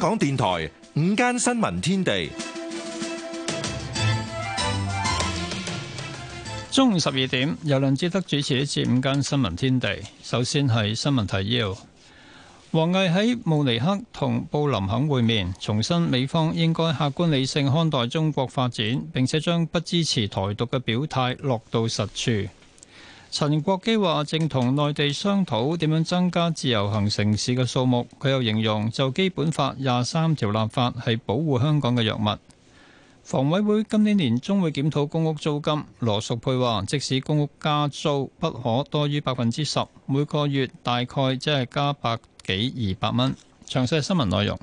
香港電台午間新聞天地，中午十二點由梁志德主持一次午間新聞天地。首先係新聞提要：王毅喺慕尼黑同布林肯會面，重申美方應該客觀理性看待中國發展，並且將不支持台獨嘅表態落到實處。陳國基話正同內地商討點樣增加自由行城市嘅數目。佢又形容就基本法廿三條立法係保護香港嘅藥物。房委會今年年終會檢討公屋租金。羅淑佩話即使公屋加租不可多於百分之十，每個月大概即係加百幾二百蚊。詳細新聞內容。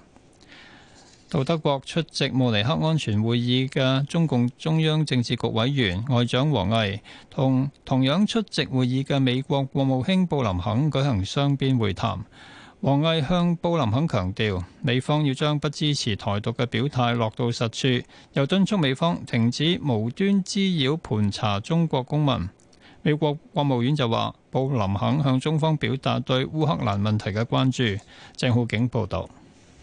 到德國出席慕尼黑安全會議嘅中共中央政治局委員外長王毅，同同樣出席會議嘅美國國務卿布林肯舉行雙邊會談。王毅向布林肯強調，美方要將不支持台獨嘅表態落到實處，又敦促美方停止無端滋擾盤查中國公民。美國國務院就話，布林肯向中方表達對烏克蘭問題嘅關注。鄭浩景報道。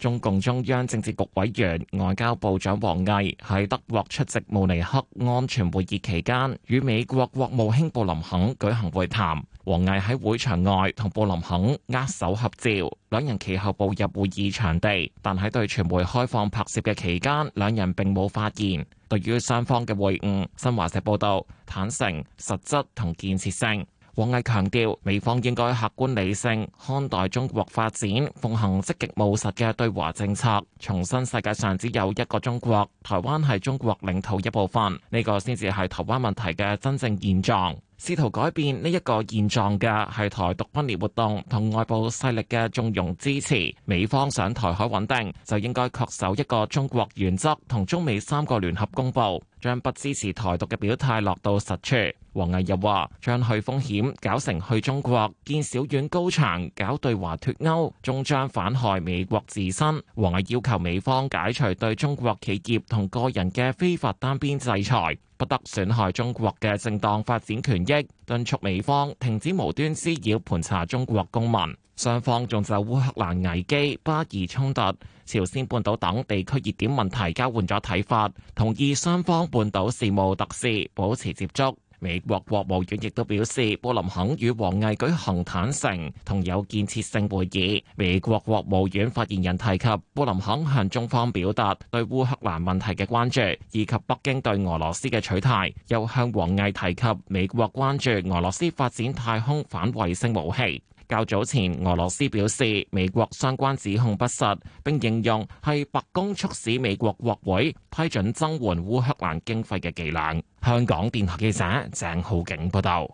中共中央政治局委員外交部長王毅喺德國出席慕尼黑安全會議期間與美國國務卿布林肯舉行會談，王毅喺會場外同布林肯握手合照，兩人其後步入會議場地，但喺對傳媒開放拍攝嘅期間，兩人並冇發言。對於雙方嘅會晤，新華社報道坦誠實質同建設性。王毅強調，美方應該客觀理性看待中國發展，奉行積極務實嘅對華政策。重申世界上只有一個中國，台灣係中國領土一部分，呢、這個先至係台灣問題嘅真正現狀。試圖改變呢一個現狀嘅係台獨分裂活動同外部勢力嘅縱容支持。美方想台海穩定，就應該恪守一個中國原則同中美三個聯合公佈。將不支持台獨嘅表態落到實處。王毅又話：將去風險搞成去中國，建小院高牆，搞對華脫歐，終將反害美國自身。王毅要求美方解除對中國企業同個人嘅非法單邊制裁，不得損害中國嘅正當發展權益，敦促美方停止無端滋擾、盤查中國公民。雙方仲就烏克蘭危機、巴以衝突。朝鮮半島等地區熱點問題交換咗睇法，同意雙方半島事務特使保持接觸。美國國務院亦都表示，布林肯與王毅舉行坦誠同有建設性會議。美國國務院發言人提及，布林肯向中方表達對烏克蘭問題嘅關注，以及北京對俄羅斯嘅取態，又向王毅提及美國關注俄羅斯發展太空反衛星武器。較早前，俄羅斯表示美國相關指控不實，並形容係白宮促使美國國會批准增援烏克蘭經費嘅技能。香港電台記者鄭浩景報道。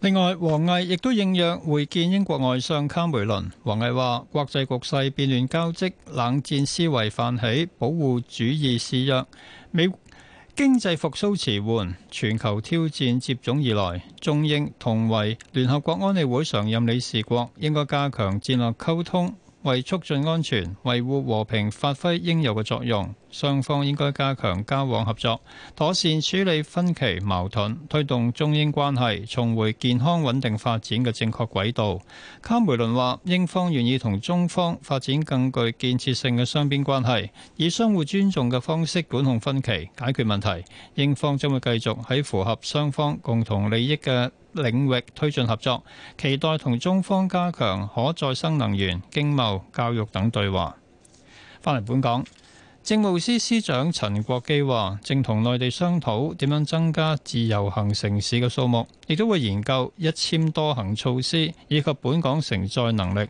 另外，王毅亦都應約會見英國外相卡梅倫。王毅話：國際局勢變亂交織，冷戰思維泛起，保護主義肆虐。美經濟復甦遲緩，全球挑戰接踵而來。中英同為聯合國安理會常任理事國，應該加強戰略溝通。為促進安全、維護和平、發揮應有嘅作用，雙方應該加強交往合作，妥善處理分歧矛盾，推動中英關係重回健康穩定發展嘅正確軌道。卡梅倫話，英方願意同中方發展更具建設性嘅雙邊關係，以相互尊重嘅方式管控分歧、解決問題。英方將會繼續喺符合雙方共同利益嘅領域推進合作，期待同中方加強可再生能源、經貿、教育等對話。翻嚟本港，政務司司長陳國基話，正同內地商討點樣增加自由行城市嘅數目，亦都會研究一簽多行措施以及本港承載能力。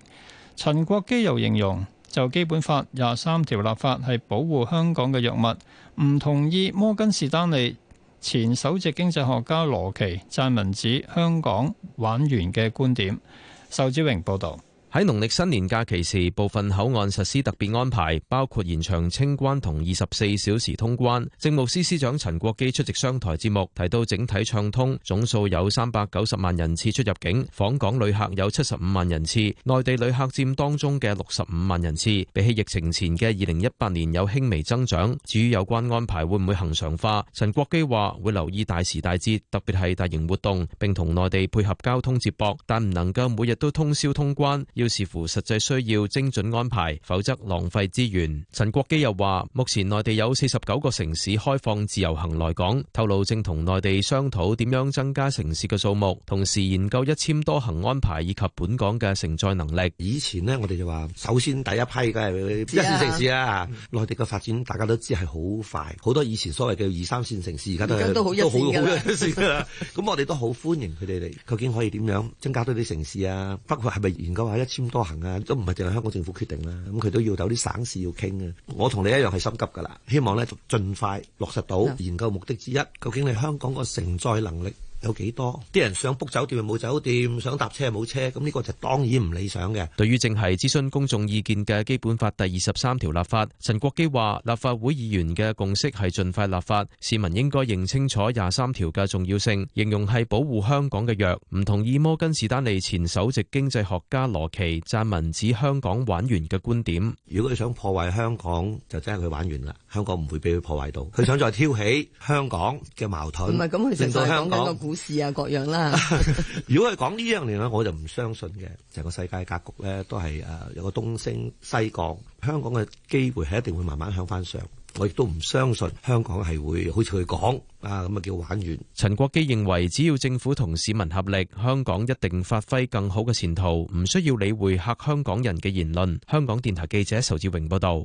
陳國基又形容，就基本法廿三條立法係保護香港嘅藥物，唔同意摩根士丹利前首席經濟學家羅奇撰文指香港玩完嘅觀點，仇子榮報道。喺農曆新年假期時，部分口岸實施特別安排，包括延長清關同二十四小時通關。政務司司長陳國基出席商台節目，提到整體暢通，總數有三百九十萬人次出入境，訪港旅客有七十五萬人次，內地旅客佔當中嘅六十五萬人次，比起疫情前嘅二零一八年有輕微增長。至於有關安排會唔會恆常化，陳國基話會留意大時大節，特別係大型活動，並同內地配合交通接駁，但唔能夠每日都通宵通關。要視乎實際需要，精準安排，否則浪費資源。陳國基又話：目前內地有四十九個城市開放自由行來港，透露正同內地商討點樣增加城市嘅數目，同時研究一簽多行安排以及本港嘅承載能力。以前呢，我哋就話首先第一批嘅係一線城市啊，嗯、內地嘅發展大家都知係好快，好多以前所謂嘅二三線城市而家都都好一線啦。咁 我哋都好歡迎佢哋嚟，究竟可以點樣增加多啲城市啊？包括係咪研究下一簽多行啊，都唔係淨係香港政府決定啦、啊，咁佢都要有啲省市要傾啊。我同你一樣，係心急噶啦，希望咧盡快落實到研究目的之一，究竟係香港個承載能力。有幾多啲人想 book 酒店又冇酒店，想搭車又冇車，咁呢個就當然唔理想嘅。對於正係諮詢公眾意見嘅《基本法》第二十三條立法，陳國基話：立法會議員嘅共識係盡快立法，市民應該認清清楚廿三條嘅重要性，形容係保護香港嘅藥。唔同意摩根士丹利前首席經濟學家羅奇撰文指香港玩完嘅觀點。如果你想破壞香港，就真係佢玩完啦。香港唔會俾佢破壞到，佢想再挑起香港嘅矛盾，唔係咁，佢其實係講股市啊，各樣啦。 如果係講呢樣嘢咧，我就唔相信嘅。成個世界格局咧，都係誒有個東升西降。香港嘅機會係一定會慢慢向翻上。我亦都唔相信香港係會好似佢講啊咁啊叫玩完。陳國基認為，只要政府同市民合力，香港一定發揮更好嘅前途。唔需要理會客香港人嘅言論。香港電台記者仇志榮報道，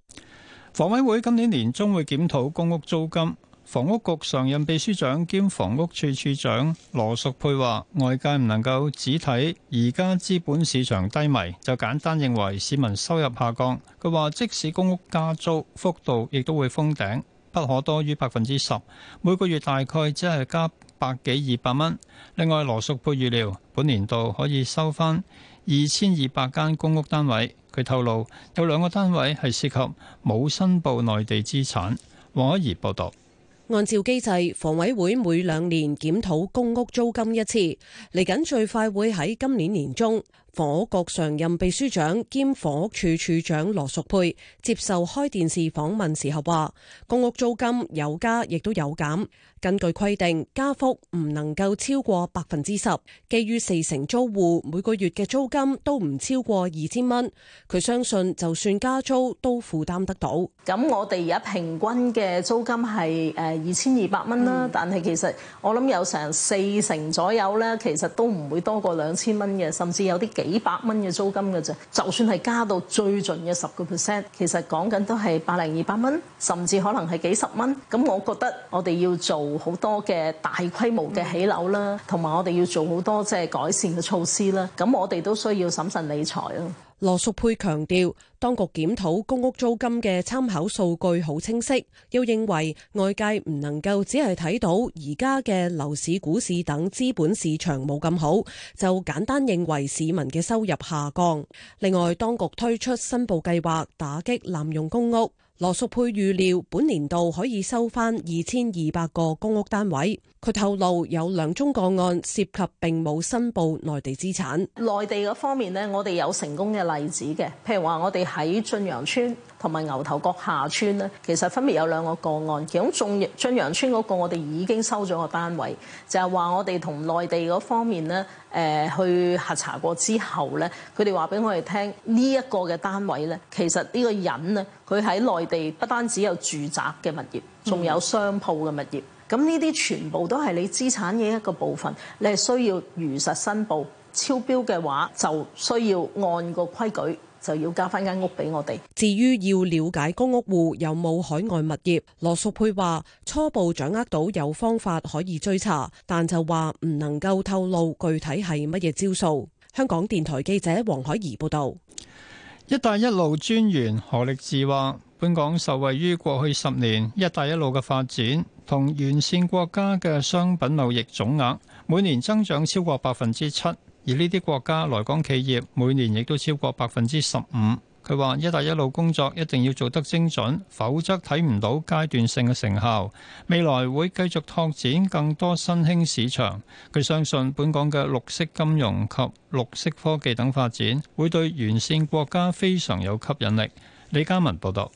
房委會今年年中會檢討公屋租金。房屋局常任秘書長兼房屋處處長羅淑佩話：外界唔能夠只睇而家資本市場低迷，就簡單認為市民收入下降。佢話即使公屋加租幅度亦都會封頂，不可多於百分之十，每個月大概只係加百幾二百蚊。另外，羅淑佩預料本年度可以收翻二千二百間公屋單位。佢透露有兩個單位係涉及冇申報內地資產。王一儀報道。按照機制，房委會每兩年檢討公屋租金一次，嚟緊最快會喺今年年中。房屋局常任秘書長兼房屋處處長羅淑佩接受開電視訪問時候話，公屋租金有加亦都有減，根據規定加幅唔能夠超過百分之十。基於四成租戶每個月嘅租金都唔超過二千蚊，佢相信就算加租都負擔得到。咁我哋而家平均嘅租金係誒二千二百蚊啦，嗯、但係其實我諗有成四成左右咧，其實都唔會多過兩千蚊嘅，甚至有啲幾。幾百蚊嘅租金嘅啫，就算係加到最盡嘅十個 percent，其實講緊都係百零二百蚊，甚至可能係幾十蚊。咁我覺得我哋要做好多嘅大規模嘅起樓啦，同埋、嗯、我哋要做好多即係改善嘅措施啦。咁我哋都需要審慎理財啊。羅淑佩強調，當局檢討公屋租金嘅參考數據好清晰，又認為外界唔能夠只係睇到而家嘅樓市、股市等資本市場冇咁好，就簡單認為市民嘅收入下降。另外，當局推出申報計劃，打擊濫用公屋。羅淑佩預料本年度可以收翻二千二百個公屋單位。佢透露有兩宗個案涉及並冇申報內地資產。內地嗰方面呢，我哋有成功嘅例子嘅，譬如話我哋喺駿洋村同埋牛頭角下村呢，其實分別有兩個個案。其中駿駿洋村嗰個我哋已經收咗個單位，就係話我哋同內地嗰方面呢誒、呃、去核查過之後呢，佢哋話俾我哋聽呢一個嘅單位呢，其實呢個人呢，佢喺內。我哋不單止有住宅嘅物業，仲有商鋪嘅物業。咁呢啲全部都係你資產嘅一個部分，你係需要如實申報，超標嘅話就需要按個規矩就要交翻間屋俾我哋。至於要了解公屋戶有冇海外物業，羅淑佩話初步掌握到有方法可以追查，但就話唔能夠透露具體係乜嘢招數。香港電台記者黃海怡報導。一帶一路專員何力智話。本港受惠於過去十年“一帶一路”嘅發展，同沿線國家嘅商品貿易總額每年增長超過百分之七，而呢啲國家來港企業每年亦都超過百分之十五。佢話“一帶一路”工作一定要做得精準，否則睇唔到階段性嘅成效。未來會繼續拓展更多新興市場，佢相信本港嘅綠色金融及綠色科技等發展，會對沿線國家非常有吸引力。李嘉文報道。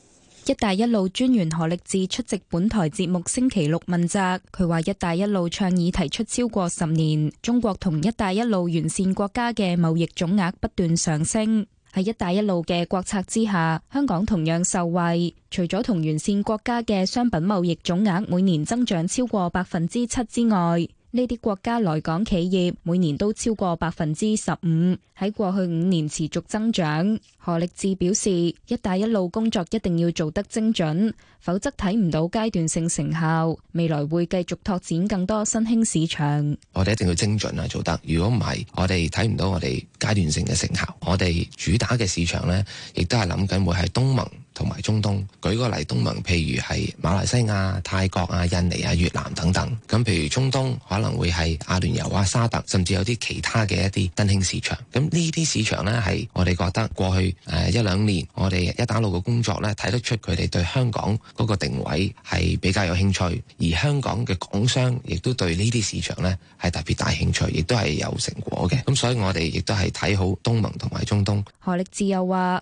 一帶一路專員何力智出席本台節目星期六問責，佢話一帶一路倡議提出超過十年，中國同一帶一路沿線國家嘅貿易總額不斷上升，喺一帶一路嘅國策之下，香港同樣受惠，除咗同沿線國家嘅商品貿易總額每年增長超過百分之七之外。呢啲國家來港企業每年都超過百分之十五，喺過去五年持續增長。何力志表示，「一帶一路」工作一定要做得精準，否則睇唔到階段性成效。未來會繼續拓展更多新興市場。我哋一定要精準啊，做得。如果唔係，我哋睇唔到我哋階段性嘅成效。我哋主打嘅市場呢，亦都係諗緊會喺東盟。同埋中東，舉個例，東盟譬如係馬來西亞、泰國啊、印尼啊、越南等等。咁譬如中東可能會係阿聯酋啊、沙特，甚至有啲其他嘅一啲新興市場。咁呢啲市場呢，係我哋覺得過去誒一兩年我哋一打路嘅工作呢，睇得出佢哋對香港嗰個定位係比較有興趣，而香港嘅港商亦都對呢啲市場呢係特別大興趣，亦都係有成果嘅。咁所以我哋亦都係睇好東盟同埋中東。何力智又話。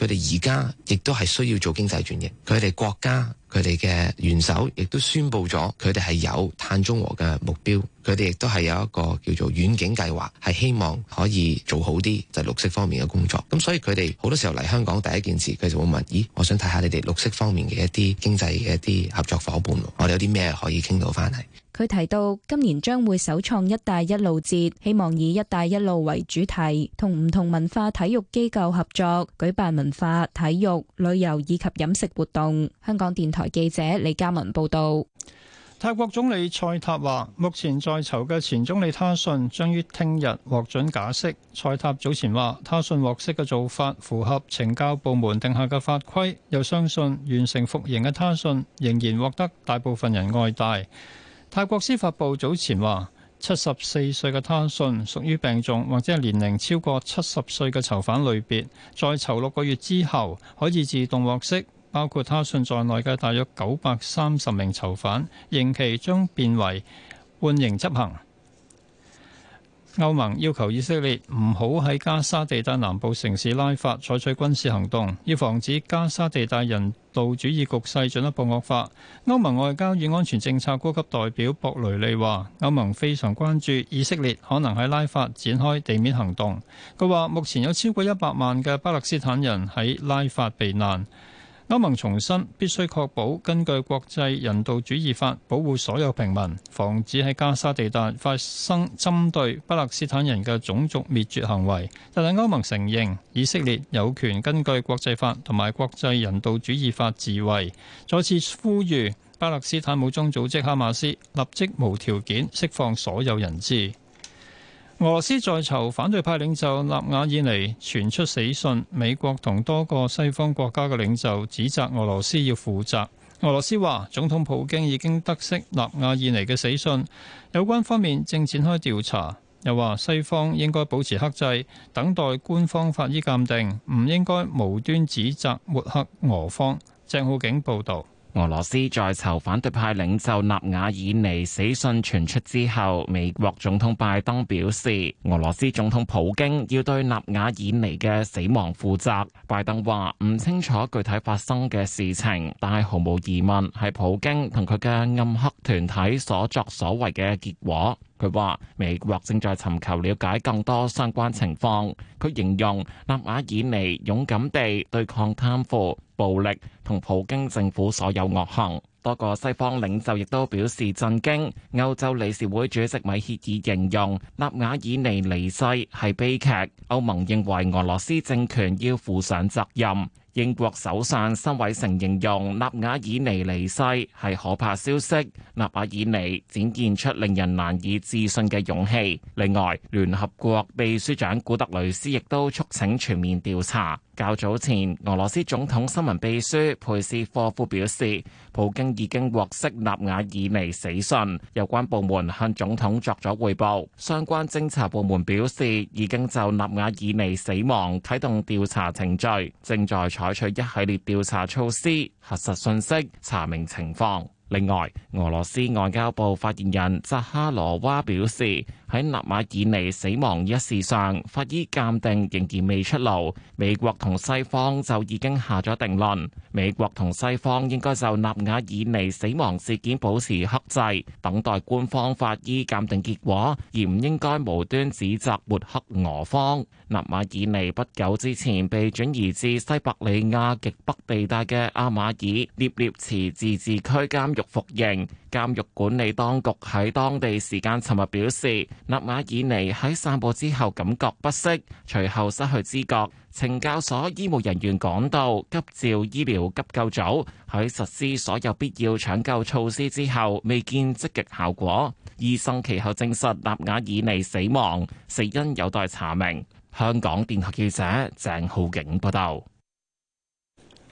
佢哋而家亦都係需要做經濟轉型，佢哋國家佢哋嘅元首亦都宣布咗，佢哋係有碳中和嘅目標，佢哋亦都係有一個叫做遠景計劃，係希望可以做好啲就係綠色方面嘅工作。咁所以佢哋好多時候嚟香港第一件事，佢就會問：咦，我想睇下你哋綠色方面嘅一啲經濟嘅一啲合作伙伴，我哋有啲咩可以傾到翻嚟？佢提到，今年將會首創“一帶一路節”，希望以“一帶一路”為主題，同唔同文化、體育機構合作舉辦文化、體育、旅遊以及飲食活動。香港電台記者李嘉文報道。泰國總理蔡塔話，目前在囚嘅前總理他信將於聽日獲准假釋。蔡塔早前話，他信獲釋嘅做法符合懲教部門定下嘅法規，又相信完成服刑嘅他信仍然獲得大部分人愛戴。泰國司法部早前話，七十四歲嘅他信屬於病重或者係年齡超過七十歲嘅囚犯類別，在囚六個月之後可以自動獲釋，包括他信在內嘅大約九百三十名囚犯，刑期將變為緩刑執行。歐盟要求以色列唔好喺加沙地帶南部城市拉法採取軍事行動，要防止加沙地帶人道主義局勢進一步惡化。歐盟外交與安全政策高級代表博雷利話，歐盟非常關注以色列可能喺拉法展開地面行動。佢話，目前有超過一百萬嘅巴勒斯坦人喺拉法避難。歐盟重申必須確保根據國際人道主義法保護所有平民，防止喺加沙地帶發生針對巴勒斯坦人嘅種族滅絕行為。但係歐盟承認以色列有權根據國際法同埋國際人道主義法自衛，再次呼籲巴勒斯坦武裝組織哈馬斯立即無條件釋放所有人質。俄羅斯在囚反對派領袖納瓦爾尼傳出死訊，美國同多個西方國家嘅領袖指責俄羅斯要負責。俄羅斯話，總統普京已經得悉納瓦爾尼嘅死訊，有關方面正展開調查，又話西方應該保持克制，等待官方法醫鑒定，唔應該無端指責抹黑俄方。鄭浩景報道。俄羅斯在囚反對派領袖納瓦爾尼死訊傳出之後，美國總統拜登表示，俄羅斯總統普京要對納瓦爾尼嘅死亡負責。拜登話唔清楚具體發生嘅事情，但係毫無疑問係普京同佢嘅暗黑團體所作所為嘅結果。佢話美國正在尋求了解更多相關情況。佢形容納瓦爾尼勇敢地對抗貪腐。暴力同普京政府所有惡行，多個西方領袖亦都表示震驚。歐洲理事會主席米歇爾形容納瓦爾尼離世係悲劇，歐盟認為俄羅斯政權要負上責任。英國首相辛偉成形容納瓦爾尼離世係可怕消息，納瓦爾尼展現出令人難以置信嘅勇氣。另外，聯合國秘書長古特雷斯亦都促請全面調查。較早前，俄羅斯總統新聞秘書佩斯科夫表示，普京已經獲悉納瓦爾尼死訊，有關部門向總統作咗匯報。相關偵查部門表示，已經就納瓦爾尼死亡啟動調查程序，正在採取一系列調查措施，核實信息，查明情況。另外，俄羅斯外交部發言人扎哈羅娃表示，喺納瓦爾尼死亡一事上，法醫鑑定仍然未出爐，美國同西方就已經下咗定論。美國同西方應該就納瓦爾尼死亡事件保持克制，等待官方法醫鑑定結果，而唔應該無端指責抹黑俄方。納瓦爾尼不久之前被轉移至西伯利亞極北地帶嘅阿馬爾涅涅茨自治區監服刑，監獄管理當局喺當地時間尋日表示，納瓦爾尼喺散步之後感覺不適，隨後失去知覺，懲教所醫務人員趕到，急召醫療急救組喺實施所有必要搶救措施之後未見積極效果。醫生其後證實納瓦爾尼死亡，死因有待查明。香港電台記者鄭浩景報道。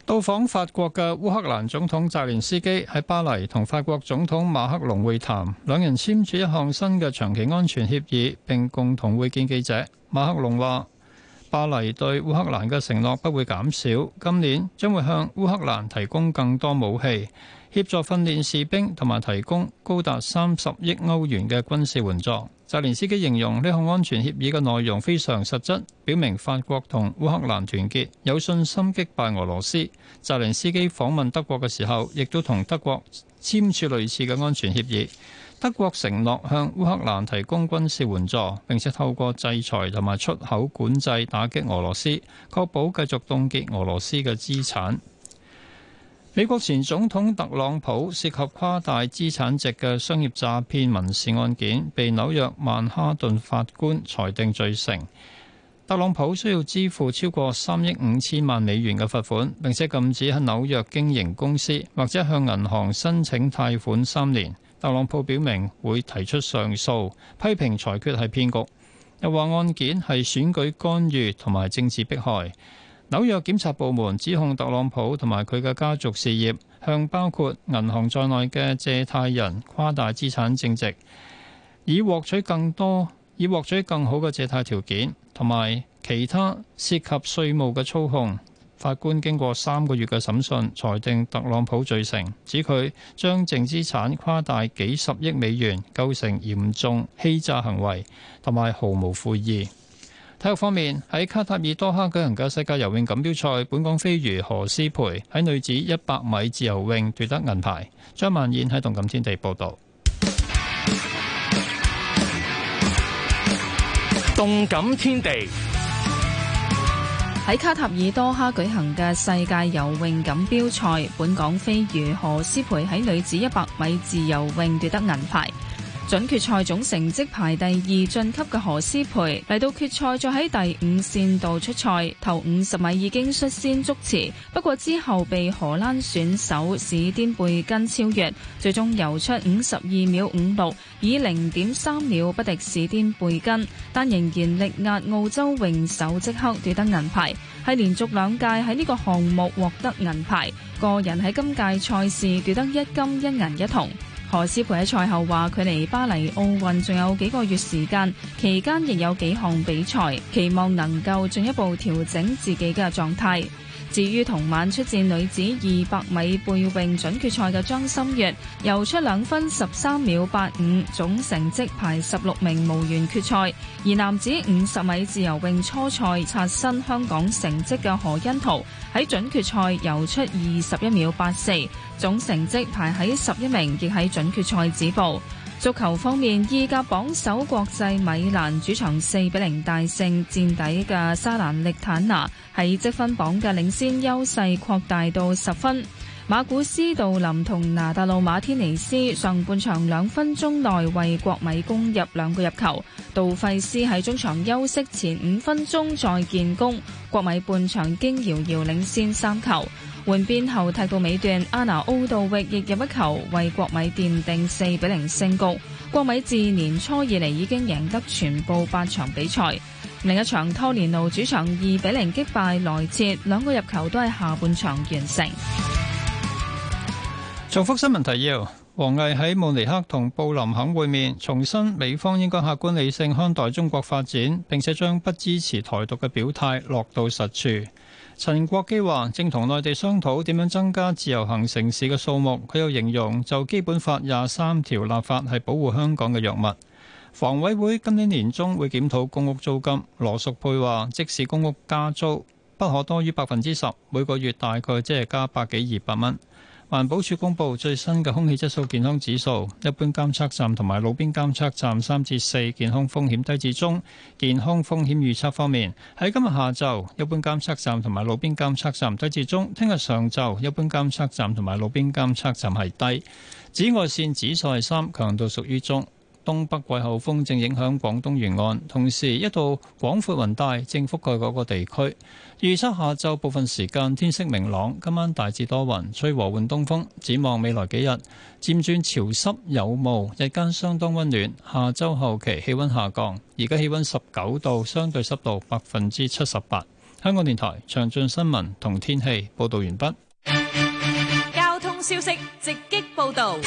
到訪法國嘅烏克蘭總統澤連斯基喺巴黎同法國總統馬克龍會談，兩人簽署一項新嘅長期安全協議，並共同會見記者。馬克龍話：巴黎對烏克蘭嘅承諾不會減少，今年將會向烏克蘭提供更多武器，協助訓練士兵，同埋提供高達三十億歐元嘅軍事援助。澤連斯基形容呢項安全協議嘅內容非常實質，表明法國同烏克蘭團結，有信心擊敗俄羅斯。澤連斯基訪問德國嘅時候，亦都同德國簽署類似嘅安全協議。德國承諾向烏克蘭提供軍事援助，並且透過制裁同埋出口管制打擊俄羅斯，確保繼續凍結俄羅斯嘅資產。美國前總統特朗普涉及誇大資產值嘅商業詐騙民事案件，被紐約曼哈頓法官裁定罪成。特朗普需要支付超過三億五千萬美元嘅罰款，並且禁止喺紐約經營公司或者向銀行申請貸款三年。特朗普表明會提出上訴，批評裁決係騙局，又話案件係選舉干預同埋政治迫害。紐約檢察部門指控特朗普同埋佢嘅家族事業向包括銀行在內嘅借貸人誇大資產淨值，以獲取更多、以獲取更好嘅借貸條件，同埋其他涉及稅務嘅操控。法官經過三個月嘅審訊，裁定特朗普罪成，指佢將淨資產誇大幾十億美元，構成嚴重欺詐行為，同埋毫無悔意。體育方面，喺卡塔爾多哈舉行嘅世界游泳錦標賽，本港飛魚何詩蓓喺女子一百米自由泳奪得銀牌。張曼燕喺動感天地報道。動感天地，喺卡塔爾多哈舉行嘅世界游泳錦標賽，本港飛魚何詩蓓喺女子一百米自由泳奪得銀牌。準決賽總成績排第二晉級嘅何詩蓓嚟到決賽再喺第五線度出賽，頭五十米已經率先足持，不過之後被荷蘭選手史甸貝根超越，最終游出五十二秒五六，以零點三秒不敵史甸貝根，但仍然力壓澳洲泳手即刻奪得銀牌，係連續兩屆喺呢個項目獲得銀牌，個人喺今屆賽事奪得一金一銀一銅。何詩蓓喺賽後話，距離巴黎奧運仲有幾個月時間，期間亦有幾項比賽，期望能夠進一步調整自己嘅狀態。至於同晚出戰女子二百米背泳準決賽嘅張心悦，游出兩分十三秒八五，總成績排十六名，無緣決賽。而男子五十米自由泳初賽刷新香港成績嘅何恩圖，喺準決賽游出二十一秒八四，總成績排喺十一名，亦喺準決賽止步。足球方面，意甲榜首國際米蘭主場四比零大勝墊底嘅沙蘭力坦拿，喺積分榜嘅領先優勢擴大到十分。馬古斯杜林同拿大魯馬天尼斯上半場兩分鐘內為國米攻入兩個入球，杜費斯喺中場休息前五分鐘再建功，國米半場經遙遙領先三球。換邊後踢到尾段，阿拿奧道域亦入一球，為國米奠定四比零勝局。國米自年初以嚟已經贏得全部八場比賽。另一場托連奴主場二比零擊敗萊切，兩個入球都係下半場完成。重複新聞提要：王毅喺慕尼黑同布林肯會面，重申美方應該客觀理性看待中國發展，並且將不支持台獨嘅表態落到實處。陳國基話正同內地商討點樣增加自由行城市嘅數目。佢又形容就基本法廿三條立法係保護香港嘅藥物。房委會今年年中會檢討公屋租金。羅淑佩話即使公屋加租，不可多於百分之十，每個月大概即係加百幾二百蚊。環保署公布最新嘅空氣質素健康指數，一般監測站同埋路邊監測站三至四，健康風險低至中。健康風險預測方面，喺今日下晝，一般監測站同埋路邊監測站低至中；聽日上晝，一般監測站同埋路邊監測站係低。紫外線指數係三，強度屬於中。東北季候風正影響廣東沿岸，同時一道廣闊雲帶正覆蓋嗰個地區。預測下晝部分時間天色明朗，今晚大致多雲，吹和緩東風。展望未來幾日，漸轉潮濕有霧，日間相當溫暖。下周後期氣溫下降，而家氣溫十九度，相對濕度百分之七十八。香港電台詳盡新聞同天氣報道完畢。交通消息直擊報道。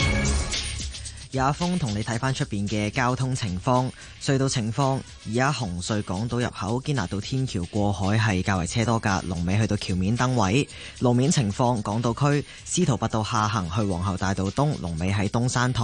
有阿峰同你睇翻出邊嘅交通情況、隧道情況。而家紅隧港島入口堅拿道天橋過海係較為車多噶，龍尾去到橋面燈位。路面情況：港島區司徒拔道下行去皇后大道東，龍尾喺東山台；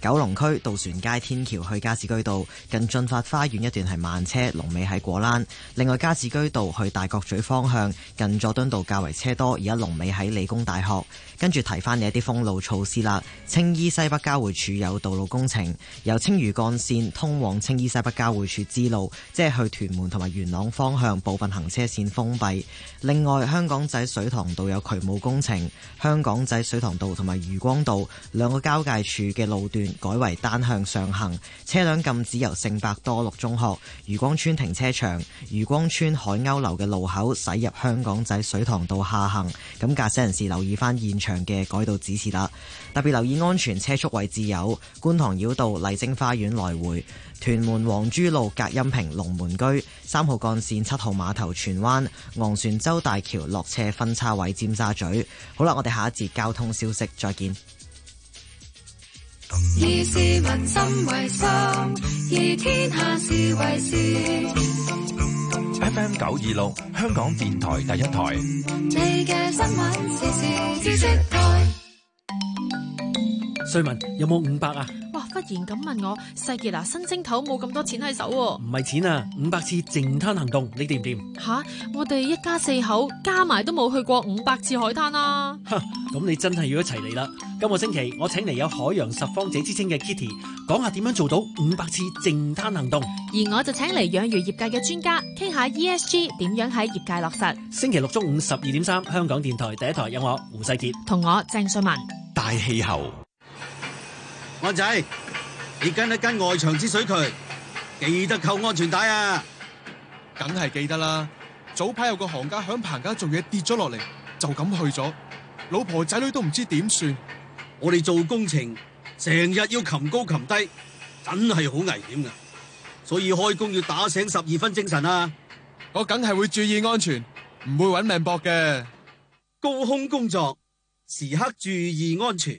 九龍區渡船街天橋去加士居道近駿發花園一段係慢車，龍尾喺果欄。另外，加士居道去大角咀方向近佐敦道較為車多，而家龍尾喺理工大學。跟住提翻你一啲封路措施啦，青衣西北交匯處。有道路工程，由青嶼幹線通往青衣西北交匯處之路，即係去屯門同埋元朗方向部分行車線封閉。另外，香港仔水塘道有渠務工程，香港仔水塘道同埋漁光道兩個交界處嘅路段改為單向上行，車輛禁止由聖伯多祿中學漁光邨、停車場、漁光邨海鷗樓嘅路口駛入香港仔水塘道下行。咁駕駛人士留意翻現場嘅改道指示啦，特別留意安全車速位置有。觀塘繞道麗晶花園來回，屯門黃珠路隔音屏，龍門居，三號幹線，七號碼頭，荃灣昂船洲大橋落車分叉位，尖沙咀。好啦，我哋下一節交通消息再見。以市民心為心，以天下事為事。FM 九二六香港電台第一台。你嘅新聞時事知識台。對問有冇五百啊？哇！忽然咁問我，世杰嗱、啊，新正頭冇咁多錢喺手、啊，唔係錢啊，五百次淨灘行動，你掂唔掂？吓，我哋一家四口加埋都冇去過五百次海灘啊。咁你真係要一齊嚟啦！今個星期我請嚟有海洋拾荒者之稱嘅 Kitty，講下點樣做到五百次淨灘行動。而我就請嚟養魚業界嘅專家，傾下 ESG 點樣喺業界落實。星期六中午十二點三，3，香港電台第一台有我胡世杰，同我鄭瑞文，大氣候。安仔，你跟一跟外牆之水渠，記得扣安全帶啊！梗係記得啦。早排有個行家響棚架做嘢，跌咗落嚟，就咁去咗，老婆仔女都唔知點算。我哋做工程，成日要擒高擒低，真係好危險噶。所以開工要打醒十二分精神啊！我梗係會注意安全，唔會搵命搏嘅。高空工作，時刻注意安全。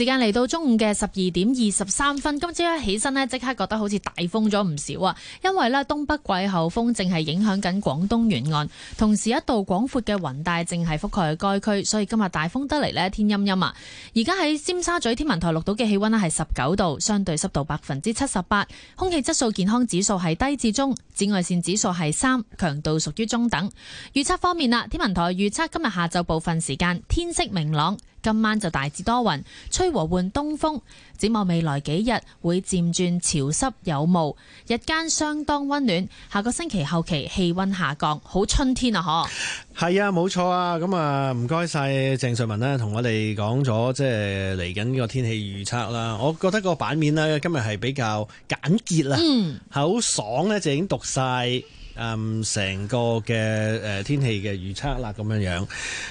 時間嚟到中午嘅十二點二十三分，今朝一起身呢，即刻覺得好似大風咗唔少啊！因為呢東北季候風正係影響緊廣東沿岸，同時一道廣闊嘅雲帶正係覆蓋該區，所以今日大風得嚟呢天陰陰啊！而家喺尖沙咀天文台錄到嘅氣溫呢係十九度，相對濕度百分之七十八，空氣質素健康指數係低至中，紫外線指數係三，強度屬於中等。預測方面啦，天文台預測今日下晝部分時間天色明朗。今晚就大致多雲，吹和緩東風。展望未來幾日會漸轉潮濕有霧，日間相當溫暖。下個星期後期氣溫下降，好春天啊！嗬，係啊，冇錯啊。咁啊，唔該晒鄭瑞文啦，同我哋講咗即係嚟緊呢個天氣預測啦。我覺得個版面呢、啊，今日係比較簡潔啦，係好、嗯、爽呢、啊，就已經讀晒啊，成、嗯、個嘅誒、呃、天氣嘅預測啦，咁樣樣。